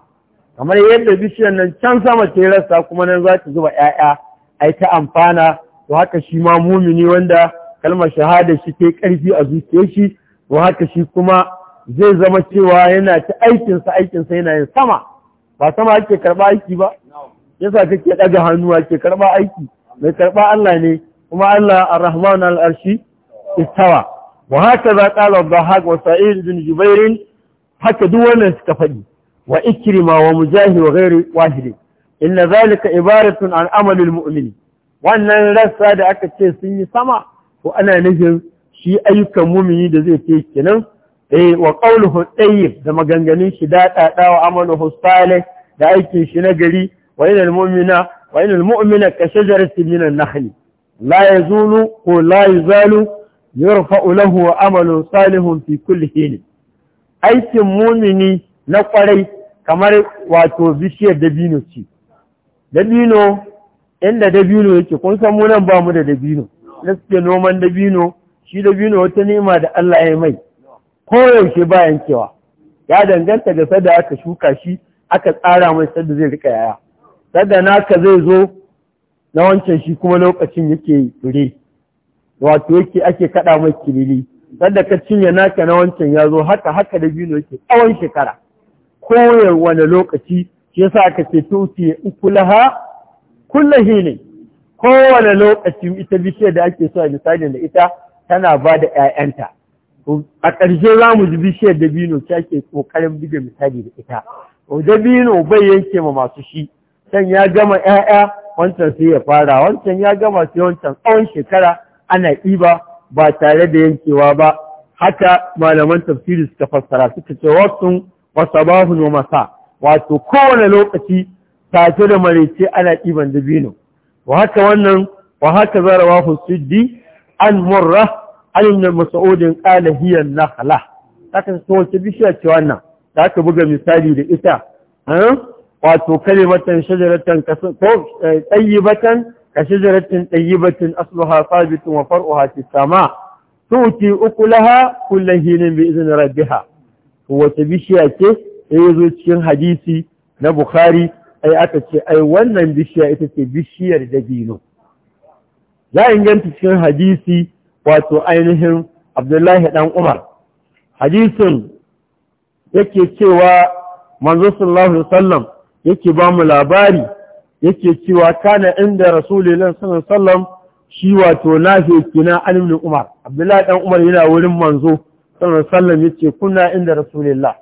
kamar yadda bishiyar nan can sama ce rassa kuma nan za ta zuba 'ya'ya ai ta amfana to haka shi ma mumini wanda kalmar shahada shi ke ƙarfi a zuciyar shi to haka shi kuma zai zama cewa yana ta aikinsa aikinsa yana yin sama ba sama ake karɓa aiki ba yasa kake ɗaga hannu ke karɓa aiki mai karɓa Allah ne kuma Allah ar-Rahman al-Arshi istawa wa haka za qala haka wa Sa'id Ibn Jubair haka duk wannan suka faɗi wa ikrima wa mujahi wa ghairi wahid inna zalika ibaratun an amalil mu'min wannan rassa da aka ce sun yi sama Ko ana nufin shi ayyukan mumini da zai ce kenan eh wa qawluhu tayyib da maganganun shi da dada wa amaluhu da aikin shi na gari wa yin mu'mina wa inal mu'mina ka shajaratin min ko la yuzalu yurfa'u wa amalu salihun fi kulli hin aikin mu'mini na kwarai kamar wato bishiyar dabino ce dabino inda dabino yake kun san mu nan ba mu da dabino na suke noman dabino shi dabino wata nema da Allah ya yi mai koyaushe ba yankewa ya danganta da sadda aka shuka shi aka tsara mai sadda zai rika yaya sadda naka zai zo na wancan shi kuma lokacin yake fure wato yake ake kada mai kilili sadda ka cinye naka na wancan ya zo haka haka da biyu yake tsawon shekara kowane lokaci shi yasa aka ce tuti ukulaha kullahi ne kowane lokaci ita bishiyar da ake so a misalin da ita tana ba da 'ya'yanta a ƙarshe za mu ji bishiyar dabino ta ke ƙoƙarin buga misali da ita dabino bai yanke ma masu shi can ya gama 'ya'ya wancan sai ya fara wancan ya gama sai wancan tsawon shekara ana ɗiba ba tare da yankewa ba haka malaman tafsiri suka fassara suka ce wasu wasabahun masa wato kowane lokaci safe da marece ana ɗiban dabino wa haka wannan wa haka zarawa di an murra an masa'udin kala qala hiya an haka to wace bishiya ce wannan da aka buga misali da ita wato kalimatan shajaratan ko eh, tayyibatan ka tayyibatin asluha thabitun wa far'uha fis sama tuti ukulaha kullu hinin bi izni rabbiha wace bishiya ce sai zo cikin hadisi na bukhari ai aka ce ai wannan bishiya ita ce bishiyar dabino ya inganta cikin hadisi wato ainihin abdullahi ɗan umar hadisin yake cewa manzo sallallahu alaihi wasallam yake ba mu labari yake cewa kana inda rasulullahi sallallahu alaihi wasallam shi wato nafi kina alimin umar abdullahi dan umar yana wurin manzo sallallahu alaihi wasallam yace kuna inda rasulullahi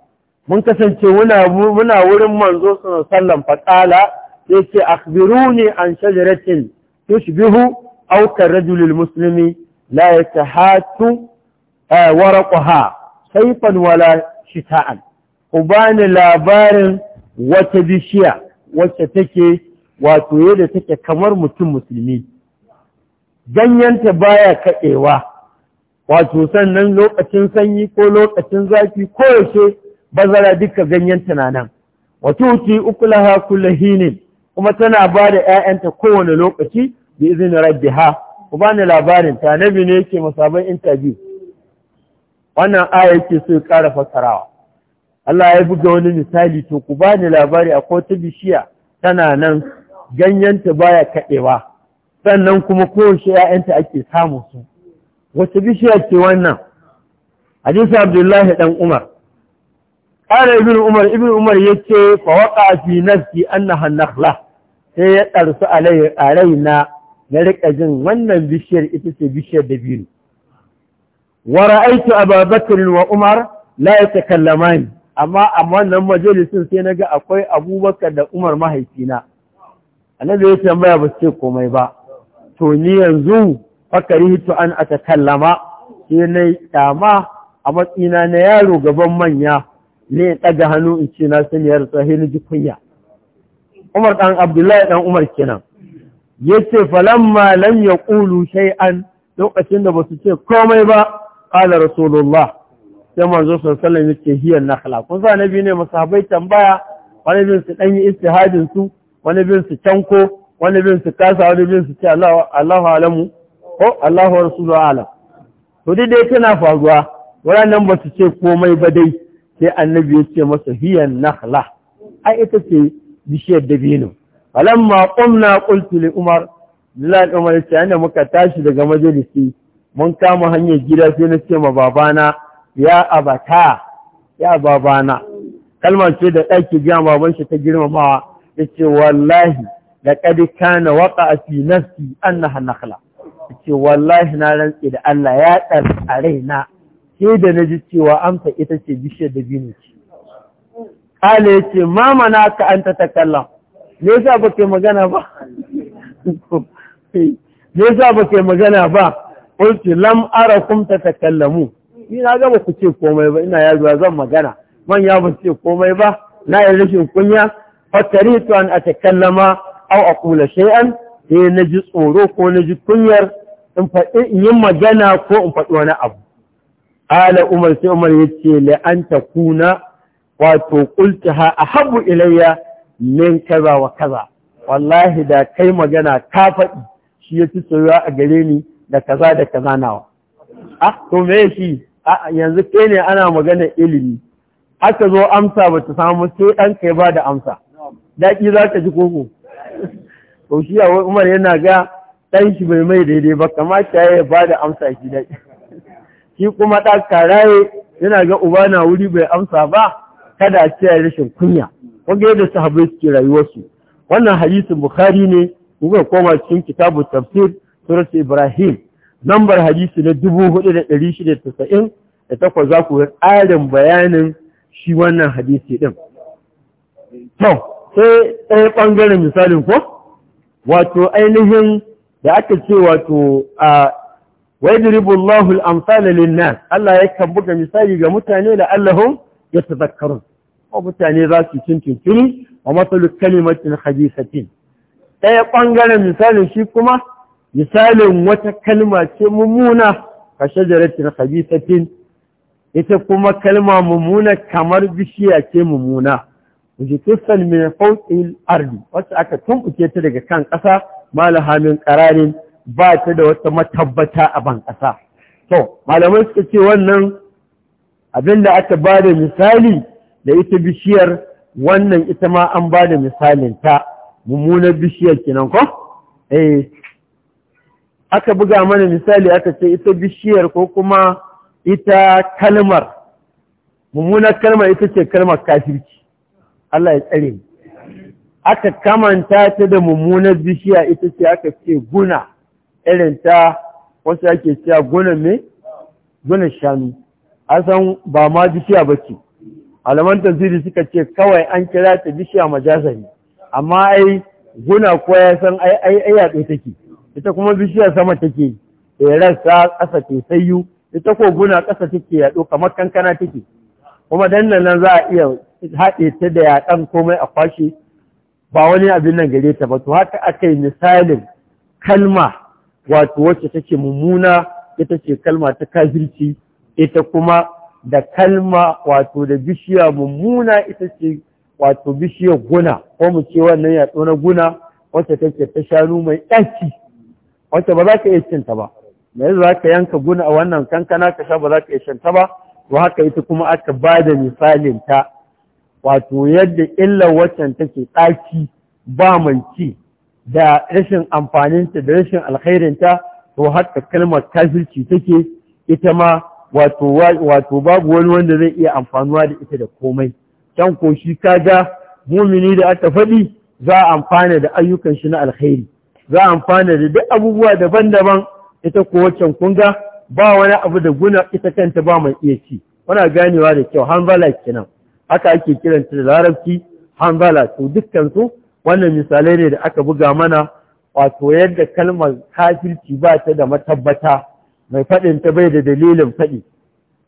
mun kasance muna muna wurin manzo sallallahu alaihi wasallam fa qala yace akhbiruni an shajaratin tushbihu aw karajulil muslimi la yatahatu waraqaha sayfan wala shita'an ku bani labarin wata bishiya wacce take wato yadda take kamar mutum musulmi ganyenta baya kaɗewa wato sannan lokacin sanyi ko lokacin zafi ko yaushe bazara duka ganyenta na nan wato ti ukulaha kullahinin kuma tana ba da ‘ya'yanta kowane lokaci da izinin ha. ku ba ni labarin ta ne yake musaban intabi wannan aya yake so ya ƙara fassarawa. Allah ya buga wani misali to ku ba ni labari a ta bishiya tana nan ganyenta baya kaɗewa sannan kuma kowace ‘ya'yanta ake samu su wace bishiya ce wannan hadisi abdullahi ɗan umar ƙara ibn umar ibn umar ya ce fawaƙa a fi nafsi an na hannakla sai ya ɗarsu a na. na riƙa jin wannan bishiyar ita ce bishiyar da biyu wa ra'aitu ababakar wa umar la yatakallamani amma a wannan majalisin sai na ga akwai abubakar da umar mahaifina annabi ya tambaya ba ce komai ba to ni yanzu fakarihtu an atakallama sai na kyama a matsina na yaro gaban manya ne ɗaga hannu in ce na saniyar tsahe ji kunya umar ɗan abdullahi ɗan umar kenan yace falamma lam yaqulu shay'an lokacin da basu ce komai ba qala rasulullah sai manzo sallallahu alaihi yace hiya nakhla kun sa nabi ne masahabai tambaya wani bin su dan yi istihadin su wani bin su tanko wani bin su kasa wani bin su ce Allahu Allahu alamu ko Allahu rasulu alam to dai dai tana faruwa wannan ba su ce komai ba dai sai annabi ya ce masa hiya nakhla ai ita ce bishiyar dabino falamma qumna qultu li umar lillahi umar sai muka tashi daga majalisi mun kama hanyar gida sai na ce ma babana ya abata ya babana Kalmar ce da ɗaki ga baban shi ta girmamawa yace wallahi laqad kana waqa'a fi nafsi annaha nakhla yace wallahi na rantsi da Allah ya dar a raina sai da naji cewa amsa ita ce bishiyar da bini ce kale yace mama naka anta takallama me yasa ba kai magana ba me yasa ba kai magana ba qultu lam tatakallamu ni na ga ku ce komai ba ina yazuwa zan magana man ya ba ce komai ba na yi rashin kunya fataritu an atakallama aw aqula shay'an sai na ji tsoro ko na ji kunyar in faɗi in yi magana ko in faɗi wani abu ala umar sai umar yace la anta kuna wato qultaha ahabu ilayya min kaza wa kaza wallahi da kai magana ka faɗi shi ya ci tsoro a gare ni da kaza da kaza nawa ah to me shi yanzu kai ne ana magana ilimi aka zo amsa ba ta samu sai ɗan kai ba da amsa Daki za ka ji koko to shi a umar yana ga ɗan shi bai mai daidai ba kamata ya ba da amsa shi dai. shi kuma da karaye yana ga uba na wuri bai amsa ba kada a ce rashin kunya wanda yadda sahabai suke rayuwarsu wannan hadisin bukhari ne kuka koma cikin kitabu tafsir surat ibrahim lambar hadisi na hudu da takwas za ku ƙarin bayanin shi wannan hadisi ɗin to sai ɗaya ɓangaren misalin ko wato ainihin da aka ce wato a waidribullahu al-amsala lin-nas Allah yakan buga misali ga mutane da Allahun ya yatazakkarun ko mutane za su tuntuntuni wa matsalu kalimatin hadisatin ɗaya ɓangaren misalin shi kuma misalin wata kalma ce mummuna ka shajaratin hadisatin ita kuma kalma mummuna kamar bishiya ce mummuna wujutusan min fawqil ardi wacce aka tumbuke ta daga kan ƙasa malaha min ba ta da wata matabbata a ban ƙasa to malamai suka ce wannan abin da aka ba da misali da ita bishiyar wannan ita ma an ba da misalin mummunar bishiyar kinan ko? eh aka buga mana misali aka ce ita bishiyar ko kuma ita kalmar mummunar kalmar ita ce kalmar kafirci Allah ya tsare aka kamanta ta da mummunar bishiya ita ce aka ce guna irin ta wasu ake cewa guna me guna shanu asan ba ma bishiya ba ce. alaman tanziri suka ce kawai an kira ta bishiya majasa ne amma ai guna kuwa ya san ai ai ai ɗo take ita kuma bishiya sama take rassa ƙasa ke sayu ita ko guna ƙasa take yaɗo kamar kankana take kuma dan nan za a iya haɗe ta da yaɗan komai a kwashe ba wani abin nan gare ta ba to haka aka yi misalin kalma wato wacce take mummuna ita ce kalma ta kafirci ita kuma da kalma wato da bishiya mummuna ita ce wato bishiyar guna ko mu ce wannan yatsu na guna wacce take ta shanu mai ɗaki. wacce ba za ka iya cinta ba Me yanzu za ka yanka guna a wannan kankana ka sha ba za ka iya shanta ba to haka ita kuma aka ba da misalin ta wato yadda illar waccan take ɗaki, ba mai ci da rashin amfaninta da rashin alkhairinta to haka kalmar kafirci take ita ma wato babu wani wanda zai iya amfanuwa da ita da komai can ko shi kaga mumini da aka faɗi za a amfana da ayyukan shi na alkhairi za a amfana da duk abubuwa daban-daban ita ko waccan kunga ba wani abu da guna ita kanta ba mai iya ci muna ganewa da kyau hanzala kenan haka ake kiranta da larabci hanzala to dukkan su wannan misalai ne da aka buga mana wato yadda kalmar kafirci ba ta da matabbata mai faɗin ta bai da dalilin faɗi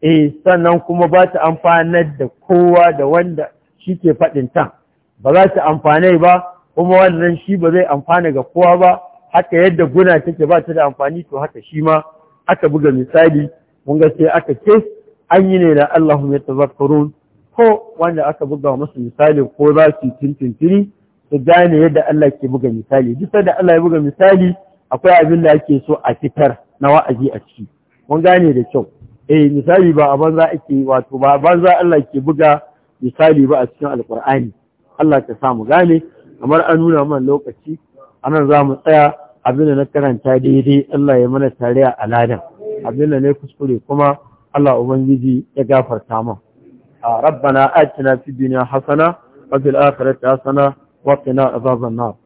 eh sannan kuma ba ta amfanar da kowa da wanda shi ke faɗin ta ba za ta amfani ba kuma wannan shi ba zai amfana ga kowa ba haka yadda guna take ba ta da amfani to haka shi ma aka buga misali mun ga sai aka ce an yi ne da allah ya tazakkarun ko wanda aka buga masu misali ko za su tuntuntuni, su gane yadda Allah ke buga misali duk da Allah ya buga misali akwai abin da ake so a fitar na wa'azi a ciki mun gane da kyau eh misali ba a banza ake wato ba banza Allah ke buga misali ba a cikin alkur'ani Allah ta mu gane kamar an nuna man lokaci anan za mu tsaya abin da na karanta daidai Allah ya mana tare a aladan abin da ne kuskure kuma Allah ubangiji ya gafarta min ربنا آتنا في الدنيا حسنة وفي الآخرة حسنة وقنا عذاب النار